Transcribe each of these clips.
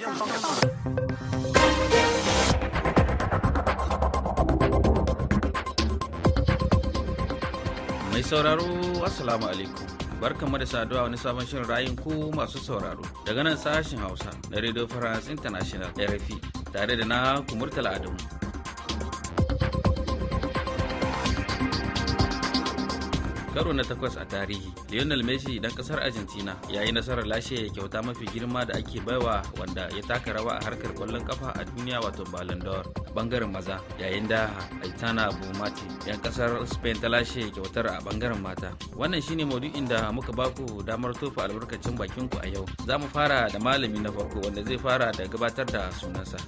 Mai sauraro Assalamu alaikum. Barkanmu da saduwa wani sabon shirin rayun ku masu sauraro daga nan sashen Hausa na Radio France International RFI tare da na Kumurtala Adamu. karo na takwas a tarihi lionel messi dan kasar argentina ya yi nasarar lashe kyauta mafi girma da ake baiwa wanda ya taka rawa a harkar kwallon kafa a duniya wato ballon d'or bangaren maza yayin da aitana bumati yan kasar spain ta lashe kyautar a bangaren mata wannan shine maudu'in da muka baku damar tofa albarkacin bakin ku a yau za mu fara da malami na farko wanda zai fara da gabatar da sunansa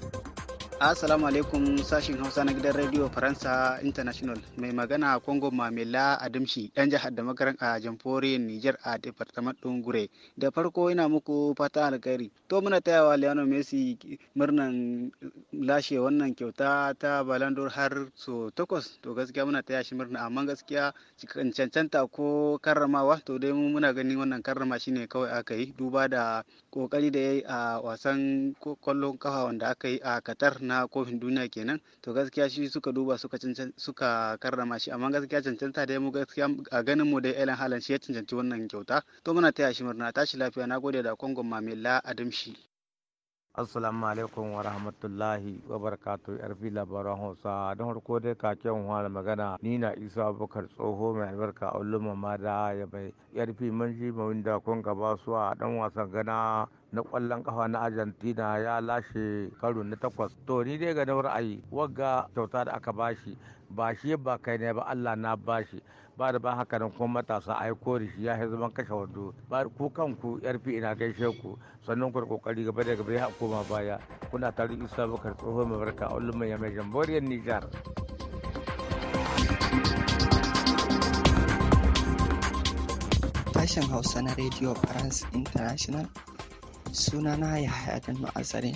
Assalamu alaikum sashin Hausa na gidan Radio Faransa International mai magana a Kongo Mamela Adamshi ɗan jihar da makaran a Jamfori Niger a Departement Dungure. Da farko ina muku fata alkairi To muna tayawa Lionel Messi murnan lashe wannan kyauta ta Ballon d'Or har so takwas. To gaskiya muna taya shi murna amma gaskiya cancanta ko karramawa to dai mu muna gani wannan karrama shine kawai aka yi duba da kokari da yayi a wasan kwallon kafa wanda aka yi a Qatar na kofin duniya kenan to gaskiya shi suka duba suka suka karrama shi amma gaskiya cancanta dai mu gaskiya a ganin mu dai Ellen halan shi ya cancanci wannan kyauta to muna taya shi murna tashi lafiya na gode da kongon Mamila Adamshi assalamu alaikum wa rahmatullahi wa barakatu yarfi labaran hausa don harko dai kaken wani magana ni na isa abubakar tsoho mai albarka a ulumma ma da ya bai yarfi mun ji mawinda kun gaba su a dan wasan gana na kwallon kafa na argentina ya lashe karo na takwas to ni dai ga ra'ayi wagga kyauta da aka bashi ba shi ba kai ne ba allah na bashi ba da ba haka nan kuma matasa a da shi ya zama kashe wando ba ku kanku yar ina gaishe ku sannan ku da kokari gaba da gaba ya koma baya kuna tare isa bakar tsohon mabarka a ulumma ya mai jamboriyar nijar. sashen hausa na radio france international sunana Yahaya Danno asare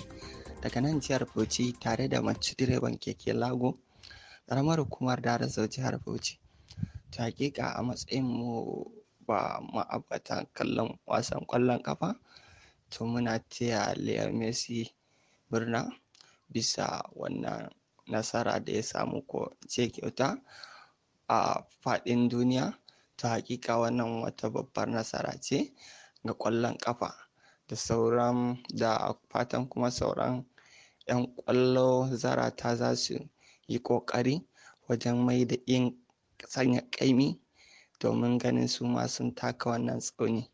daga nan jihar Bauchi tare da mace direban keke Lago ƙaramar hukumar Darazau jihar Bauchi. Ta haƙiƙa a matsayin mu ba ma'abatan kallon wasan ƙwallon ƙafa to muna taya Lionel Messi murna bisa wannan nasara da ya samu ko ce kyauta a faɗin duniya. To hakika wannan wata babbar nasara ce ga ƙwallon ƙafa. da sauran da fatan kuma sauran 'yan ƙwallo zarata za su yi ƙoƙari wajen mai da yin sanya ƙaimi domin ganin su ma sun taka wannan tsauni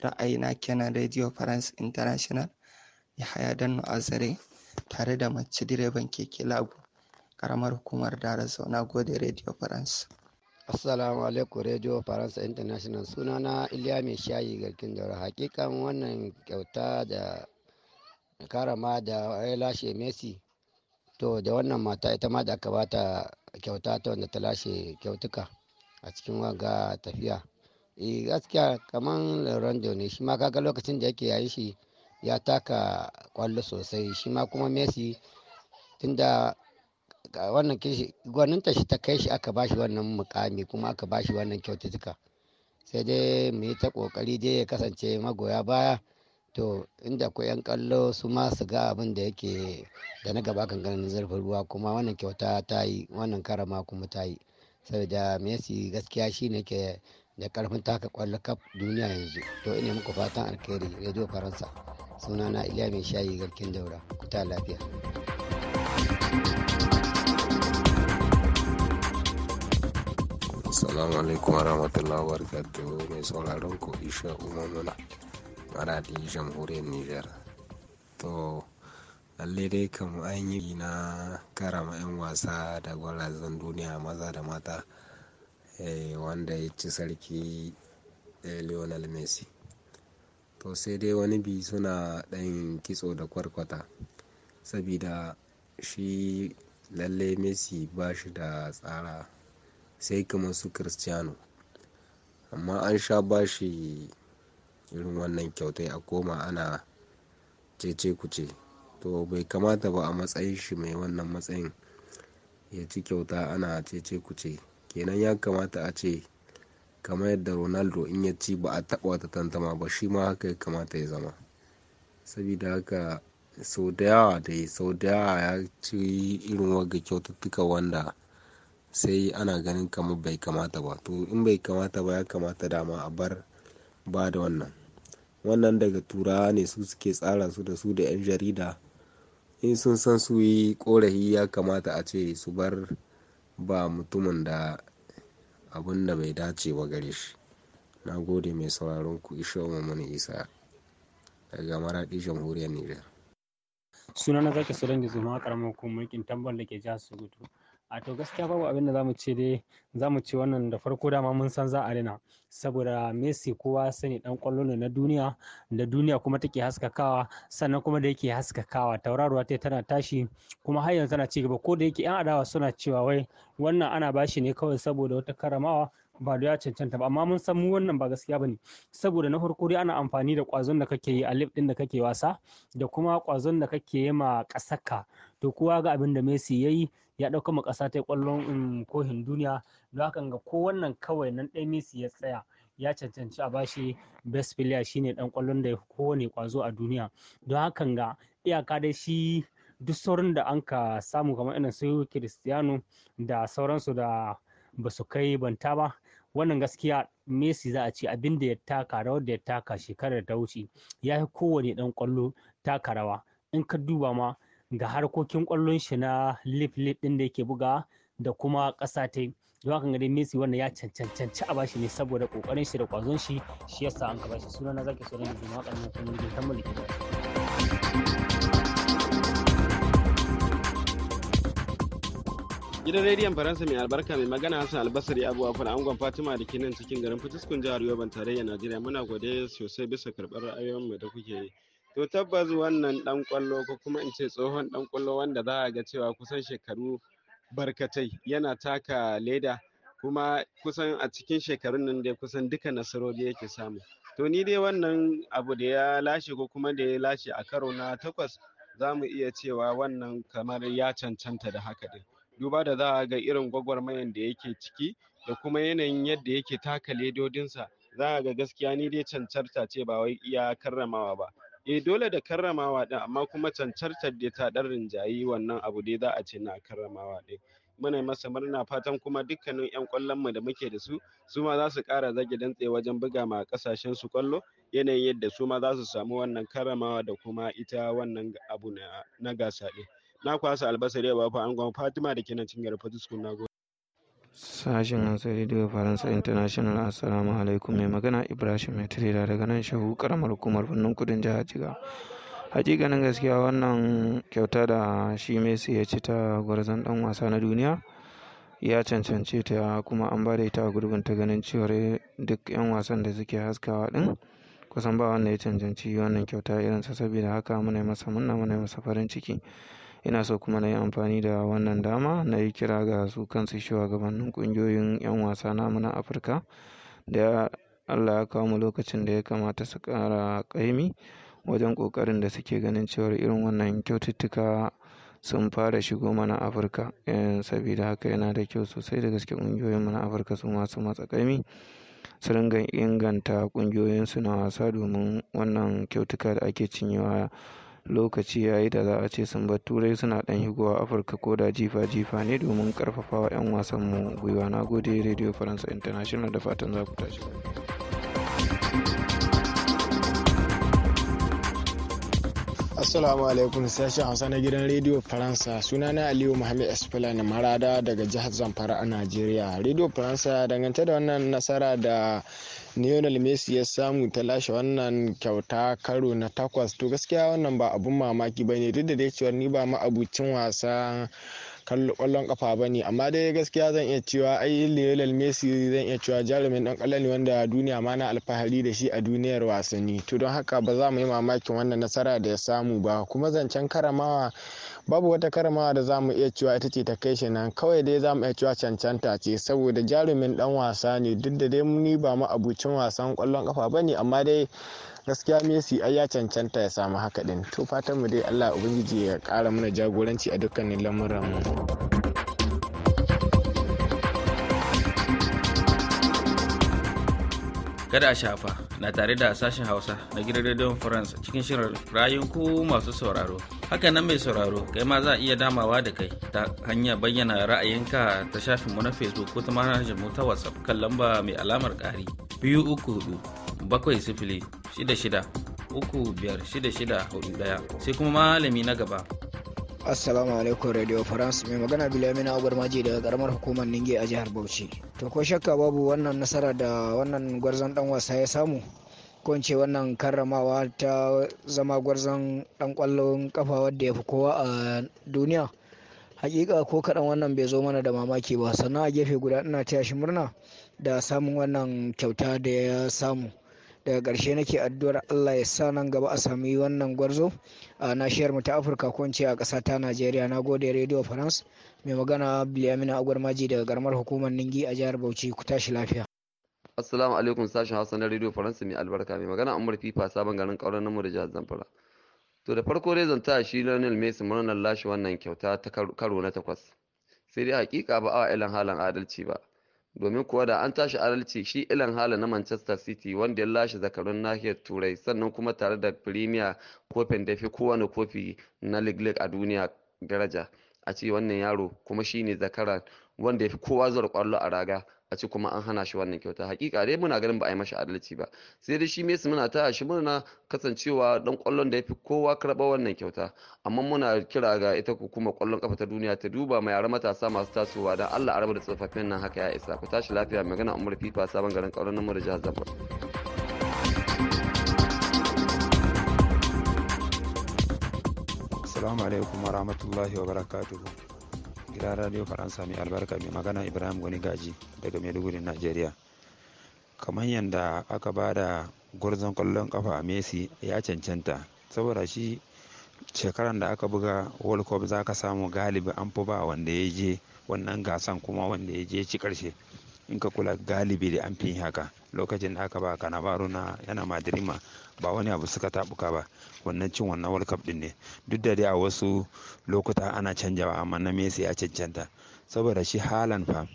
ra'ayina kenan radio france international ya haya don azare tare da mace direban keke lagu ƙaramar hukumar dara zauna gode radio france assalamu alaikum radio faransa international suna na iliya mai shayi garkin daura hakikan wannan kyauta da karama da ya lashe messi to da wannan mata ita ma da aka bata kyauta ta wanda ta lashe kyautuka a cikin waga tafiya e gaskiya kaman da ne shi ma kaga lokacin da yake yayi shi ya taka kwallo sosai shi ma kuma Messi tunda wannan kishi gwaninta shi ta kai shi aka bashi wannan mukami kuma aka bashi wannan kyaututtuka sai dai mu yi ta kokari dai ya kasance magoya baya to inda ku yan kallo su ma su ga abin da yake da na gaba kan ganin zurfin ruwa kuma wannan kyauta ta yi wannan karama kuma ta yi saboda messi gaskiya shi ne ke da karfin taka kwallo kaf duniya yanzu to ina muku fatan alkhairi radio faransa na iliya mai shayi garkin daura ku ta lafiya Assalamu alaikum warahmatullahi wabarakatuh mai sauraron ku Isha Umamuna maradi jamhuriyar Nijar. To lalle dai kan an yi na karama 'yan wasa da gwalazan duniya maza da mata eh, wanda ya ci sarki eh, Lionel Messi. To sai dai wani bi suna ɗan kitso da kwarkwata sabida shi lalle Messi ba shi da tsara sai kamar su Cristiano. Amma an sha bashi irin wannan kyautai a koma ana cece kuce. To bai kamata ba a matsayin shi mai wannan matsayin ya ci kyauta ana cece kuce. Kenan ya kamata a ce kamar yadda Ronaldo in ya ci ba a taɓa wata tantama ba shi ma haka ya kamata ya zama. Sabida haka sau da yawa dai sau da yawa ya ci irin wagga kyaututtuka wanda sai ana ganin kamar bai kamata ba to in bai kamata ba ya kamata dama a bar ba da wannan wannan daga turawa ne su suke tsara su da su da 'yan jarida in sun san su yi korafi ya kamata a ce su bar ba mutumin da abin da bai dace ba gare shi na gode mai sauraron ku isha mana isa daga maraɗi jamhuriyar nijar. sunana zaka sudan da zuma karamar tambar da ke jihar sokoto A to gaskiya babu abin da za ce dai, za ce wannan da farko dama mun san za a rina. Saboda Messi kowa sani dan kwallo ne na duniya, da duniya kuma take haskakawa, sannan kuma da yake haskakawa. Tauraruwa ta tana tashi kuma har yanzu tana ci gaba. Ko da yake 'yan adawa suna cewa wai wannan ana bashi ne kawai saboda wata karamawa ba da ya cancanta ba amma mun san mu wannan ba gaskiya bane saboda na farko dai ana amfani da kwazon da kake yi a lif din da kake wasa da kuma kwazon da kake yi ma kasaka to kowa ga abin da Messi yayi ya ɗauka ma ƙasa ta ƙwallon um, kohin duniya don hakan ga ko wannan kawai nan ɗaya Messi ya tsaya ya cancanci a bashi best player shine ɗan ƙwallon da kowane ƙwazo a duniya don hakan ga iyaka dai shi duk saurin da an ka samu kamar irin su Cristiano da sauransu da ba su kai banta ba wannan gaskiya Messi za a ce abin da ya taka rawar da ya taka shekarar da ta wuce ya yi kowane ɗan ƙwallo taka rawa in ka duba ma ga harkokin kwallon shi na lif lif ɗin da yake buga da kuma ƙasa ta yi don haka gari messi wannan ya cancanci a bashi ne saboda kokarin shi da kwazon shi shi yasa an ka bashi suna na zaki sauran na juma'a ƙarni kuma yi ta mulki gidan rediyon faransa mai albarka mai magana hassan albasari abuwa kuna angon fatima da ke nan cikin garin fitiskun jihar yoban tarayya najeriya muna gode sosai bisa karɓar ra'ayoyinmu da kuke yi to tabbas wannan ɗan kwallo ko kuma in ce tsohon ɗan kwallo wanda za a ga cewa kusan shekaru barkatai yana taka leda kuma kusan a cikin shekarun nan dai kusan duka nasarori yake samu to ni dai wannan abu da ya lashe ko kuma da ya lashe a karo na takwas za mu iya cewa wannan kamar ya cancanta da haka din duba da za a ga irin gwagwarmayan da yake ciki da kuma yanayin yadda yake taka ledodinsa za a ga gaskiya ni dai cancanta ce ba wai iya karramawa ba Eh dole da karramawa ɗin amma kuma cancantar dai ta ɗan rinjayi wannan abu dai za a ce na karramawa ɗin. Muna masa murna fatan kuma dukkanin 'yan kwallon mu da muke da su su ma za su ƙara zage dantse wajen buga ma kasashen su kwallo, yanayin yadda su ma za su samu wannan karramawa da kuma ita wannan abu na gasa ɗin. Na kwasa albasar ba fa gwan Fatima da ke nan cikin garin na Sashen Hausa Radio Faransa International Assalamu alaikum mai magana Ibrahim Metrida daga nan shahu karamar hukumar birnin kudin jihar Jigawa. Hakikanin gaskiya wannan kyauta da shi Messi ya ci ta gwarzon dan wasa na duniya ya cancance ta kuma an ba da ita a gurbin ta ganin cewar duk 'yan wasan da suke haskawa din kusan ba wanda ya cancanci wannan kyauta irinsa saboda haka muna masa muna muna masa farin ciki. ina so kuma na yi amfani da wannan dama na yi kira ga su kansu shugabannin kungiyoyin 'yan wasa namu na afirka da allah ya kawo mu lokacin da ya kamata su ƙara ƙaimi wajen ƙoƙarin da suke ganin cewar irin wannan kyaututtuka sun fara shigo mana afirka eh, sabida haka yana da kyau sosai da gaske ƙungiyoyin na afirka su masu matsa ƙaimi su ringa inganta ƙungiyoyinsu na wasa domin wannan kyautuka da ake cinyewa lokaci yayi da za a ce sun bar turai suna ɗan higowa afirka ko da jifa-jifa ne domin wa 'yan wasan mu gwiwa na gode radio faransa international da fatan za ku tashi Assalamu alaikum sashen Hausa na gidan Radio Faransa sunana Aliyu Muhammad Esfilani Marada daga jihar Zamfara a Najeriya. Radio Faransa dangance da wannan nasara da Lionel Messi ya samu ta lashe wannan kyauta karo na takwas to gaskiya wannan ba abun mamaki ba ne duk da dai cewa ni ba ma'abucin wasa kwallon kafa ba ne amma dai gaskiya zan iya cewa ai Lionel Messi zan iya cewa jarumin dan kallon ne wanda duniya ma na alfahari da shi a duniyar wasanni to don haka ba za mu yi mamakin wannan nasara da ya samu ba kuma zancen karamawa babu wata karama da za mu iya cewa ita ce ta kai shi nan kawai dai za mu iya cewa cancanta ce saboda jarumin dan wasa ne duk da dai ni ba mu abucin wasan kwallon kafa ba ne amma dai gaskiya messi ai ya cancanta ya samu haka din to fatan mu dai allah ubangiji ya kara mana jagoranci a dukkanin lamuran mu kada a shafa na tare da sashen hausa na gidan radio france cikin shirin rayun ku masu sauraro Haka nan mai sauraro, kai ma za a iya damawa da kai ta hanya bayyana ra'ayinka ta shafin mu na Facebook ko ta mu ta WhatsApp kan lamba mai alamar kari biyu uku hudu bakwai sifili shida shida uku biyar shida shida hudu ɗaya sai kuma malami na gaba Assalamu alaikum Radio France mai magana Bilamina Agwar Maji daga karamar hukumar Ninge a jihar Bauchi. To ko shakka babu wannan nasara da wannan gwarzon dan wasa ya samu ko wannan karramawa ta zama gwarzon dan kwallon kafa wadda ya fi kowa a duniya hakika ko kaɗan wannan bai zo mana da mamaki ba sannan a gefe guda ina taya shi murna da samun wannan kyauta da ya samu daga ƙarshe nake addu'ar allah ya sa nan gaba a sami wannan gwarzo a nashiyar mu ta afirka ko a ƙasa ta najeriya na gode radio france mai magana biliyamina agwarmaji daga garmar hukumar ningi a jihar bauchi ku tashi lafiya Assalamu alaikum sashen Hausa na Radio Faransa mai albarka mai magana Umar Fifa sabon garin kauran namu da jihar Zamfara. To da farko dai zanta shi Lionel Messi murnar lashe wannan kyauta ta karo na takwas. Sai dai hakika ba awa ilan halan adalci ba. Domin kuwa da an tashi adalci shi ilan halan na Manchester City wanda ya lashe zakarun nahiyar Turai sannan kuma tare da Premier kofin da fi kowane kofi na League a duniya daraja. A ce wannan yaro kuma shine zakara wanda ya fi kowa zuwa kwallo a raga a ce kuma an hana shi wannan kyauta hakika dai muna ganin ba a yi mashi adalci ba sai dai shi Messi muna taya shi murna kasancewa dan kwallon da ya fi kowa karɓa wannan kyauta amma muna kira ga ita hukumar kwallon kafa ta duniya ta duba mai yara matasa masu tasowa dan Allah a da tsofaffin nan haka ya isa ku tashi lafiya magana Umar Fifa sabon garin kauran nan da jihar Zamfara Assalamu alaikum wa rahmatullahi gidan radio faransa mai albarka mai magana ibrahim wani gaji daga maiduguri nigeria kamar yadda aka ba da gwarzon kwallon kafa a messi ya cancanta saboda shi shekaran da aka buga world cup za ka samu galibi an fi ba wanda ya je wannan gasan kuma wanda ya je ci karshe in ka kula galibi da an fi haka lokacin da aka ba kanabaru na yana madirima ba wani abu suka tabuka ba wannan cin wannan world cup din ne duk da dai a wasu lokuta ana canjawa amma na messi ya cancanta saboda shi halan fa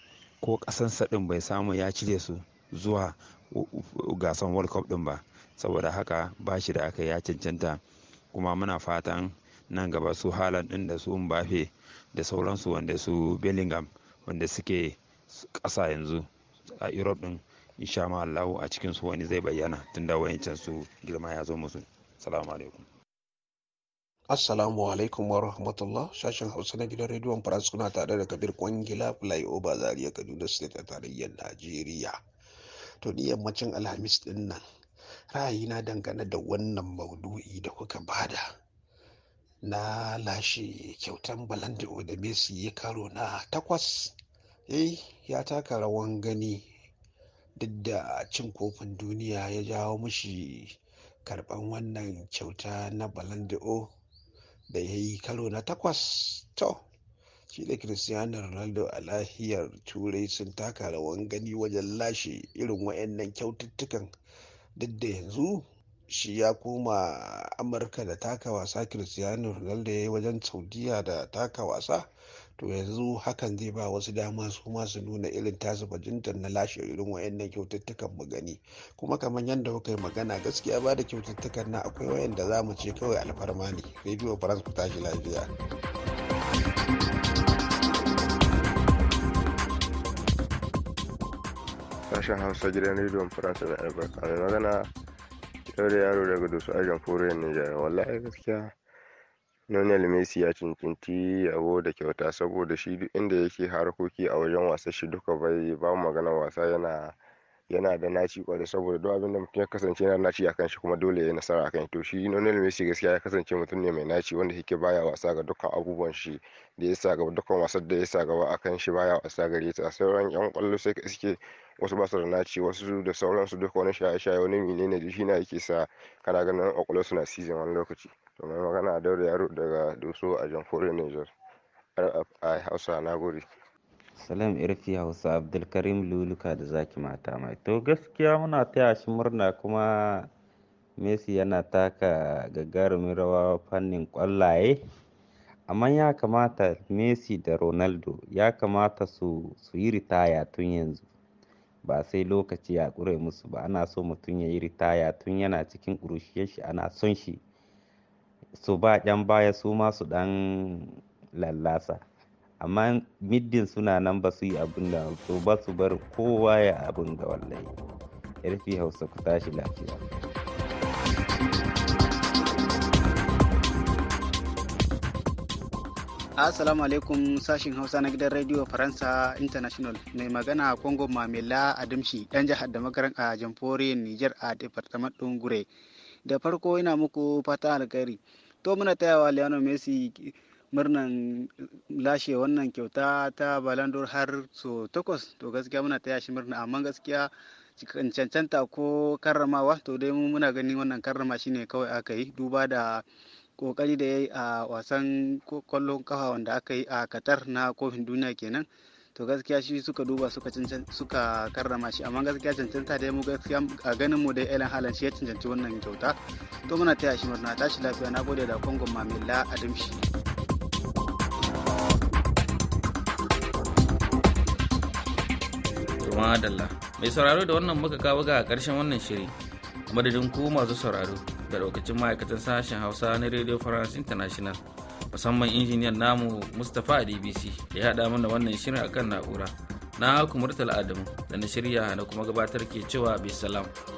ko kasan din bai samu ya cire su zuwa gasan world cup din ba saboda haka ba shi da aka ya cancanta kuma muna fatan nan gaba su halan din da su mbafe da sauransu wanda su bellingham wanda suke ƙasa yanzu a europe din insha ma Allahu a cikin su wani zai bayyana tunda wayancan su girma ya zo musu assalamu alaikum Assalamu alaikum wa rahmatullah sashen Hausa na gidan rediyon France kuna tare da Kabir Kwangila Flyover Zariya Kaduna State a tarayyar Najeriya. To ni yammacin Alhamis din nan na dangane da wannan maudu'i da kuka bada na lashe kyautan Balando da Messi ya karo na takwas. Eh ya taka rawan gani duk da cin kofin duniya ya jawo mashi karban wannan kyauta na balando da ya yi karo na takwas to shi da cristiano ronaldo a lahiyar turai sun taka rawan gani wajen lashe irin wayannan kyaututtukan duk da yanzu shi ya koma amurka da taka wasa cristiano ronaldo ya yi wajen saudiya da taka wasa to yanzu hakan zai ba wasu dama su masu su nuna irin tasu bajintar na lashe irin wayannan kyaututtukan magani kuma kamar yadda kuka yi magana gaskiya ba da kyaututtukan na akwai wayanda za mu ce kawai alfarma ne radio france ku tashi lafiya sashen hausa gidan rediyon france da albarka da magana da yaro daga Doso a jamhuriyar wala Wallahi gaskiya Lionel Messi ya cancanci yabo da kyauta saboda shi duk inda yake harkoki a wajen wasa shi duka bai ba maganar wasa yana yana da naci kwarai saboda duk abinda mutum ya kasance yana naci akan shi kuma dole ya yi nasara akan shi to shi Lionel Messi gaskiya ya kasance mutum ne mai naci wanda yake baya wasa ga dukkan abubuwan shi da ya sa gaba dukkan wasan da ya sa gaba akan shi baya wasa gare ta sauran yan kwallo sai suke wasu ba su da naci wasu da sauransu duk wani shaye-shaye wani mine ne shi na yake sa kana ganin ƙwaƙwalwarsu na season wani lokaci to mai magana da yaro daga doso a jamhuriyar niger rfi hausa na gori salam irfi hausa abdulkarim luluka da zaki mata mai to gaskiya muna taya shi murna kuma messi yana taka gagarumin rawa fannin kwallaye amma ya kamata messi da ronaldo ya kamata su yi ritaya tun yanzu ba sai lokaci ya ƙure musu ba ana so mutum ya yi ritaya tun yana cikin ƙurushiyar shi ana son shi su ba ƴan baya su ma su ɗan lallasa amma middin suna nan ba su yi abin da so ba su bar kowa ya abin da wallahi yarfi hausa ku tashi lafiya Assalamu alaikum sashin Hausa na gidan Radio Faransa International mai magana Kongo Mamela Adamshi dan jihar da makaran a Jamfori Niger a Departement Dungure. Da farko ina muku fata alkhairi. To muna tayawa Lionel Messi murnan lashe wannan kyauta ta balandor har so takwas to gaskiya muna taya shi murna amma gaskiya cancanta ko karramawa to dai muna ganin wannan karrama shine kawai aka yi duba da kokari da ya yi a wasan kwallon kafa wanda aka yi a qatar na kofin duniya kenan to gaskiya shi suka duba suka suka karrama shi amma gaskiya cancanta dai mu gaskiya a ganin mu dai Ellen halin shi ya cancanci wannan kyauta to muna taya shi murna tashi lafiya na gode da kongon Mamila Adamshi Madalla mai sauraro da wannan muka kawo ga karshen wannan shiri madadin ku masu sauraro da lokacin ma'aikatan sashen hausa na radio france international musamman injiniyan namu mustapha dbc ya haɗa mana wannan shirin akan na'ura na murtala adamu da na shirya na kuma gabatar ke cewa bisalam salam